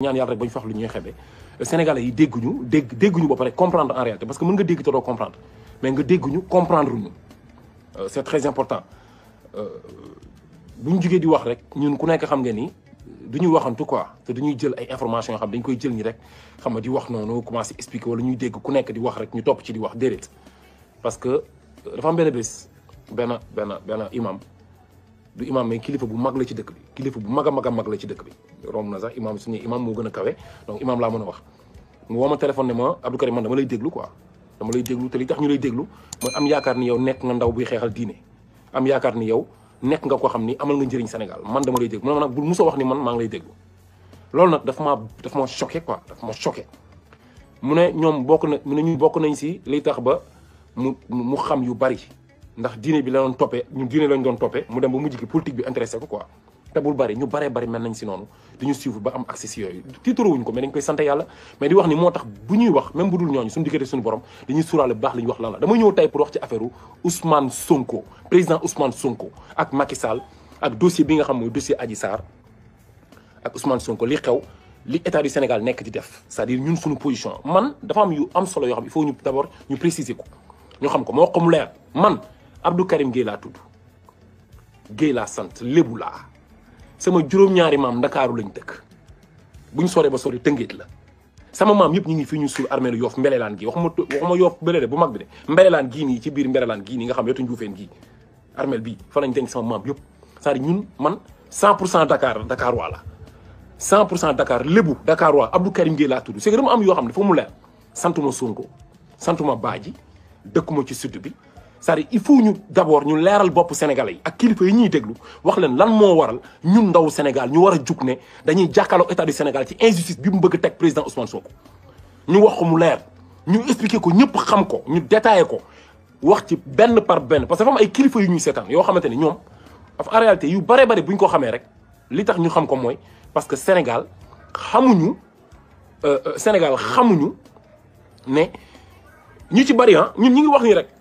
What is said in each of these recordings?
ñaan yalla rek ba ñu fax lu ñuy xébé sénégalais yi dégguñu dégg dégguñu ba paré comprendre en réalité parce que mën nga dégg té do comprendre mais nga dégguñu comprendre ñu euh, c'est très important euh, bu ñu jugee di wax rek ñun ku nekk xam nga ni duñu ñuy waxantu quoi té du jël ay information yo xam dañ koy jël ñi rek xam nga di wax noonu commencé expliquer wala ñuy dégg ku nekk di wax rek ñu top ci di wax déedéet parce que dafa am bénn bés benn benn benn imam du imam mais kilifa bu mag la ci dëkk bi kilifa bu mag a mag a la ci dëkk bi romb na sax imaam suñu imaam moo gën a kawe donc imaam laa mën a wax mu woo ma téléphone ne ma Abdou Karim man dama lay déglu quoi dama lay déglu te li tax ñu lay déglu mooy am yaakaar ni yow nekk nga ndaw buy xeexal diine am yaakaar ni yow nekk nga ko xam ni amal nga njëriñ Sénégal man dama lay déglu man nag bul musa wax ni man maa ngi lay déglu loolu nag dafa maa daf ma choqué quoi daf ma choqué mu ne ñoom bokk na mu ne ñu bokk nañ si liy tax ba mu mu xam yu bari ndax diine bi la doon toppee ñun diine lañ doon toppee mu dem ba mujj gi politique bi intéressé ko quoi te bul bëri ñu bari bari mel nañ ci nonu di suivre ba am accès si yooyu tiitaroo wuñ ko mais dañ koy sant yalla mais di wax ni motax buñuy wax même bu dul ñooñu suñu digëté suñu borom dañuy sóoraale bu baax li wax lan la dama ñëw tay pour wax ci affaire Ousmane Sonko président Ousmane Sonko ak Macky Sall ak dossier bi nga xam mooy dossier Adji Sarr ak Ousmane Sonko li xew li état du Sénégal nek di def c'est-à-dire ñun suñu position man dafa am yu am solo yo xam il faut ñu d'abord ñu préciser ko ñu xam ko mo xam leer man Abdou Karim Gueye la tuddu Gueye la sant lébu laa sama juróom-ñaari maam ndakaaru lañ dëkk buñ sore ba sori tëngeet la sama maam yëpp ñu ngi fi ñu suul armée lu yoof mbelelaan gi waxuma waxuma yoof bële de bu mag bi de mbelelaan gii nii ci biir mbelelaan gii nii nga xam wetu njuufeen gii armée bii fa lañ denc sama maam yëpp cest à ñun man 100 pour cent Dakar Dakar waa la 100 pour cent Dakar lébu Dakar waa Abdou Karim Gueye laa tudd c'est am yoo xam ne foo mu leer santuma Sonko santuma Badji dëkkuma ci sud bi sari il faut ñu d'abord ñu léral bop Sénégalais ak kilifa yi ñuy déglu wax leen lan mo waral ñun ndaw Sénégal ñu wara a jug dañuy jakkalo état du Sénégal ci injustice bi mu bëgg teg président Ousmane Sonko. ñu wax ko mu leer ñu expliquer ko ñëpp xam ko ñu détailler ko wax ci benn par benn parce que fam ay kilifa yu ñuy seetaan yo xamanteni ñom ñoom en réalité yu bare bare buñ ko xamé rek li tax ñu xam ko moy parce que Sénégal xamuñu euh, euh Sénégal xamuñu né ñu ci bari hein ñun ñi ngi wax ni rek.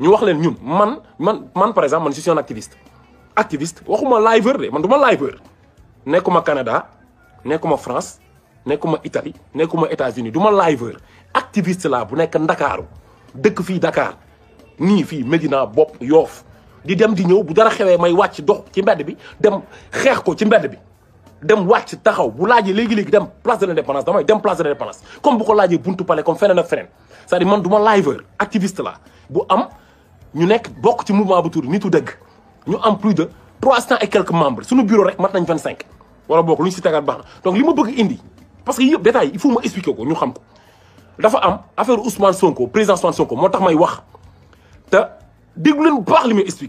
ñu wax leen ñun man man man par exemple man je suis un activiste activiste waxuma liveur de man duma liveur nekkuma Canada nekkuma France nekkuma Italie nekkuma États-Unis duma liveur activiste là, bu nek Ndakaaru dëkk fi Dakar ni fi medina bop yof di dem di ñew bu dara xewé may wacc dox ci mbedd bi dem xeex ko ci mbedd bi dem wacc taxaw bu laajee légui légui dem place de l'indépendance damay dem place de l'indépendance comme bu ko laajee buntu palais comme feneen ak feneen c'est-à-dire man duma liveur activiste là, bu am nous avons plus de mouvement bu quelques tout Nous plus de 300 et quelques membres suñu bureau rek mat nañ Voilà wala donc li ma bëgg indi parce que détails il faut expliquer ko affaire Ousmane Sonko président Sonko moo may wax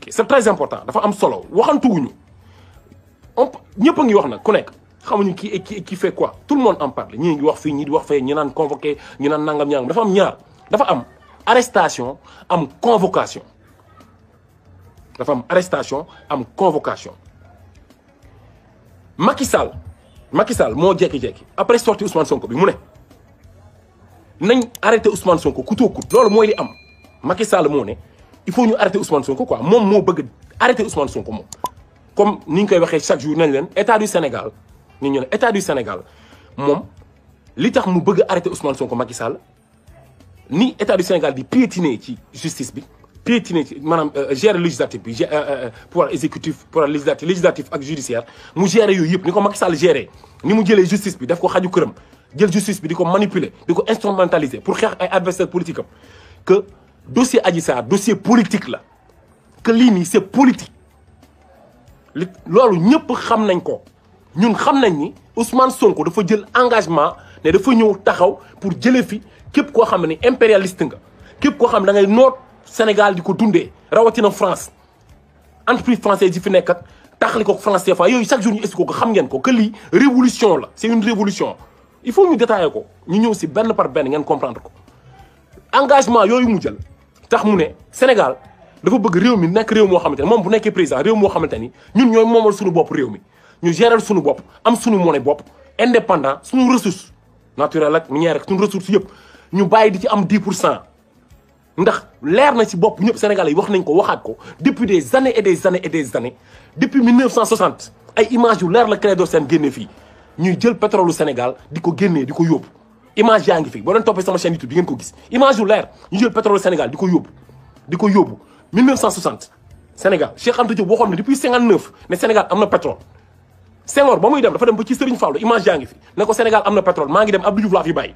c'est très important dafa am solo nous. wax ku xamuñu de qui fait quoi tout le monde en parle Nous ngi wax nous di wax convoqué nangam am arrestation am convocation dafa am arrestation am convocation Macky Sall Macky Sall mo djéki djéki après sorti Ousmane Sonko bi mu né nañ arrêter Ousmane Sonko coûte que lolu moy li am Macky Sall mo né il faut ñu arrêter Ousmane Sonko quoi mom mo bëgg arrêter Ousmane Sonko mom comme ni ngi koy waxé chaque jour nañ leen état du Sénégal ni ñu état du Sénégal mom li tax mu bëgg arrêter Ousmane Sonko Macky Sall ni état du Sénégal di piétiner ci justice bi piétiner manam euh, gérer législatif bi euh, euh, pouvoir exécutif pouvoir législatif législatif ak judiciaire mu gérer yoyep yëpp ni ko Macky Sall gérer ni mu jëlé justice bi daf ko xaju kërëm jël justice bi diko manipuler diko instrumentaliser pour xeex ay adversaire politique que dossier Adji Sarr dossier politique la que lii nii c'est politique lolu loolu ñëpp xam nañ ko ñun xam nañ ni Ousmane Sonko dafa jël engagement né dafa ñëw taxaw pour jëlé fi képp ko xam ni impérialiste nga képp ko xam da ngay noot Sénégal di ko dundee rawatina France entreprise française yi fi nekkat taxali ko France CFA yooyu chaque jour ñu expliqué ko xam ngeen ko que li révolution la c'est une révolution il faut ñu détailler ko ñu ñew ci benn par benn ngeen comprendre ko engagement yoy mu jël tax mu né Sénégal dafa bëgg réew mi nekk réew mo xamanteni mom bu nekkee président réew mo xamanteni ñun ñoy momal suñu bop réew mi ñu gérer suñu bop am suñu monnaie bop indépendant suñu ressources naturelle ak minière ak suñu ressources yëpp ñu bayyi di ci am 10 ndax leer na ci bop ñepp sénégalais yi wax nañ ko waxat ko depuis des années et des années et des années depuis 1960 ay image yu leer la Clédor Sène génnee fii ñuy jël pétrole Sénégal diko génné diko yob image yaangi fi bo leen topé sama chaîne YouTube bi ngeen ko gis image yu leer ñu jël pétrole Sénégal diko yob diko yob 1960 Sénégal Cheikh amadou Diop waxoon depuis 59 né Sénégal amna pétrole Senghor ba muy dem dafa dem ba ci Serigne Fallou image yaangi fi né ko Sénégal amna pétrole maa ngi dem Abdou Diouf la fi baye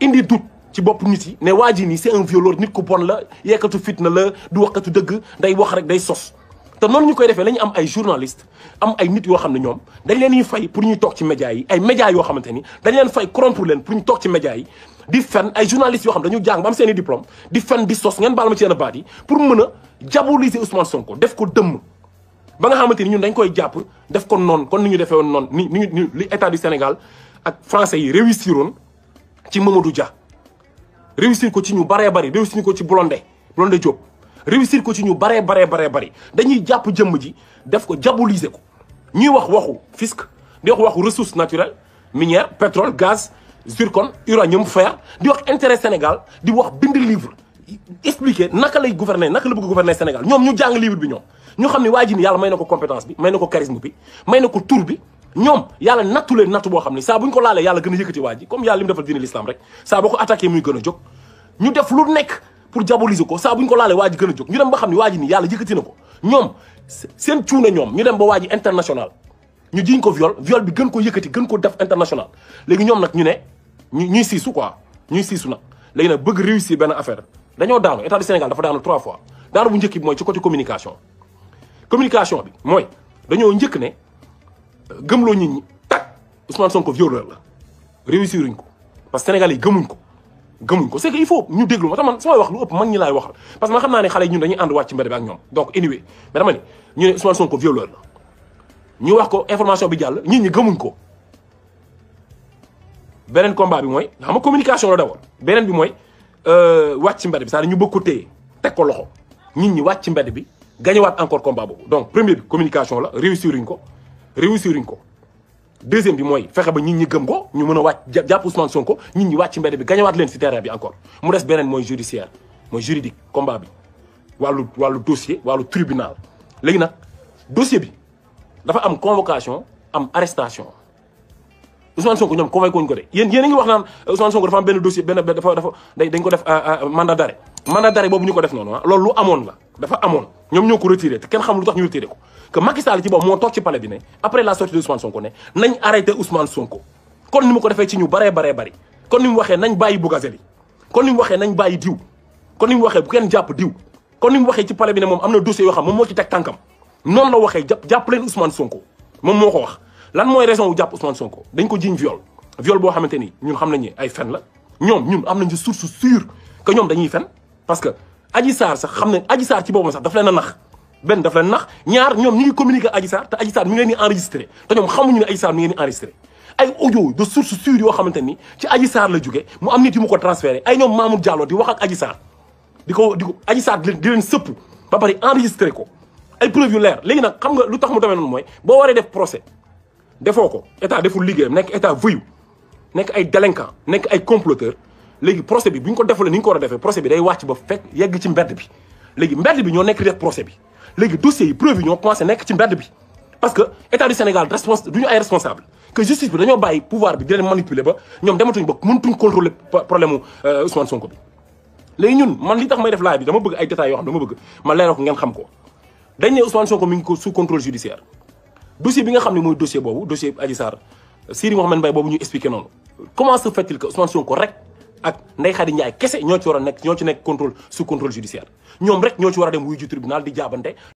indi dut ci bop nit yi né waji ni c'est un violeur nit ko bon la yekkatu fitna la du waxkatu deug day wax rek day sos té non ñu koy defee la am ay journalistes am ay nit yo xamné ñom dañ leen ñuy fay pour ñuy tok ci média yi ay média yo xamante dañ leen fay corrompre leen pour ñu tok ci média yi di fen ay journalistes yo xam dañu jang ba am seen diplôme di fen di sos ngeen baal ma ci yenn baat yi pour mëna jaboliser Ousmane Sonko def ko dëmm ba nga xamante ñun dañ koy japp def ko non kon ñu défé woon noonu ni ni li état du Sénégal ak français yi réussiroon ci du Dia réussir ko ci ñu baree bari réussir ko ci Blondé Blondé Diop réussir ko ci ñu baree baree baree bari dañuy jàpp jëmm ji def ko diaboliser ko ñuy wax waxu fisc di wax waxu ressource naturelle minière pétrole gaz zircon uranium fer di wax intérêt Sénégal di wax bind livre expliquer naka lay gouverner naka la bëgg gouverner Sénégal ñoom ñu jàng livre bi ñoom ñu xam ne waa ji yàlla may na ko compétence bi may na ko charisme bi may na ko tur bi ñoom yàlla nattu leen nattu boo xam ne saa bu ñu ko laalee yàlla gën a yëkkati waa ji comme yàlla li mu defal diine l'islam rek saa ko attaqué muy gën a jóg ñu def lu nekk pour diaboliser ko saa bu ñu ko laalee waa ji gën a jóg ñu dem ba xam ne waa ko ñoom seen cuune ñoom ñu dem ba waa ji international ñu jiñ ko viol viol bi gën ko yëkkati gën ko def international léegi ñoom nag ñu ne ñu ñuy siisu quoi ñuy siisu nag léegi nag bëgg réussir benn affaire dañoo daanu état du Sénégal dafa daanu trois fois daanu bu njëkk bi mooy ci côté communication bi mooy dañoo njëkk ne gëmlo nit ñi tak Ousmane Sonko violeur la réussir ñu ko parce que sénégalais yi gëmuñ ko gëmuñ ko c'est que il faut ñu déglu ma tax man samay wax lu ëpp mag ñi lay waxal parce que ma xam naa ne xale ñun dañuy and wacc ci bi ak ñom donc anyway mais dama ni ñu ne Ousmane Sonko violeur la ñu wax ko information bi jall nit ñi gëmuñ ko benen combat bi moy xam communication la d'abord benen bi moy euh wacc mbedd bi sa à dire ñu bëgg ko téye ko loxo nit ñi wacc ci bi bi wat encore combat boobu donc premier bi communication la réussir ñu ko réussiruñ ko deuxième bi faire que ba nit ñi gëm ko ñu Ousmane Sonko nit ñi bi leen terrain bi encore mu des beneen judiciaire juridique combat bi wàllu dossier wàllu tribunal Le dossier, dossier bi dafa am convocation am arrestation Ousmane Sonko ñoom convoqué wuñ ko de a wax naan euh, Ousmane Sonko dafa dossier benn dafa dañ euh, euh, mandat d'arrêt mandat d'arrêt boobu ñu def noonu ah, loolu la ñom ñoko retiré xam lu tax ñu ko que Macky Sall ci bop mo tok ci palais bi après la sortie de Sonko ne nañ arrêté Ousmane Sonko kon ni mu ko nous ci ñu nous baree bari kon ni mu nañ bayyi Bougazeli kon ni mu nañ bayyi kon ni mu bu kenn japp kon ni mu ci palais bi ne mom amna dossier la voix japp leen Ousmane Sonko mom moko wax lan raison wu japp Ousmane Sonko dañ ko viol viol bo xamanteni ñun xam nañu ay fen la ñom ñun que parce que Adji Sarr sax xam ne Adji Sarr ci boppam sax daf leen a nax benn daf leen nax ñaar ñoom ñu ngi communiqué Adji Sarr te Adji Sarr mi ngi leen di enregistré te ñoom xamuñu ne Adji Sarr mi ngi leen di enregistré ay audio de source sûre yoo xamante ni ci Adji Sarr la jóge mu am nit yu mu ko transféré ay ñoom Mamour Diallo di wax ak Adji Sarr di ko di ko Adji Sarr di leen sëpp ba pare enregistré ko ay preuve yu leer léegi nag xam nga lu tax mu demee noonu mooy boo waree def procès defoo ko état deful liggéeyam nekk état voyou nekk ay délinquant nekk ay comploteur léegi procès bi buñ ko defulee niñ ko wara a procès bi day wacc ba fekk yegg ci mbedd bi léegi mbedd bi ño nek di procès bi léegi dossier yi preuve yi ñoo commencé nek ci mbedd bi parce que état du Sénégal respons duñu ay responsable que justice bi dañoo bàyyi pouvoir bi di leen manipuler ba ñoom dematuñ ba mëntuñ contrôler problème mu euh, Ousmane Sonko bi léegi ñun man li tax may def live bi dama bëgg ay détails yo xam dama bëgg man leeral ko ngeen xam ko dañ né Ousmane Sonko mi ngi ko sous contrôle judiciaire dossier bi nga xamni moy dossier bobu dossier Adji Sarr Siri Mohamed Mbaye bobu ñu expliquer non comment se fait-il que Ousmane Sonko rek ak Ndeye Khady Ndiaye kese ñoo ci war a nekk ñoo ci nekk contrôle sous contrôle judiciaire ñoom rek ñoo ci war dem wuy ji tribunal di jaabante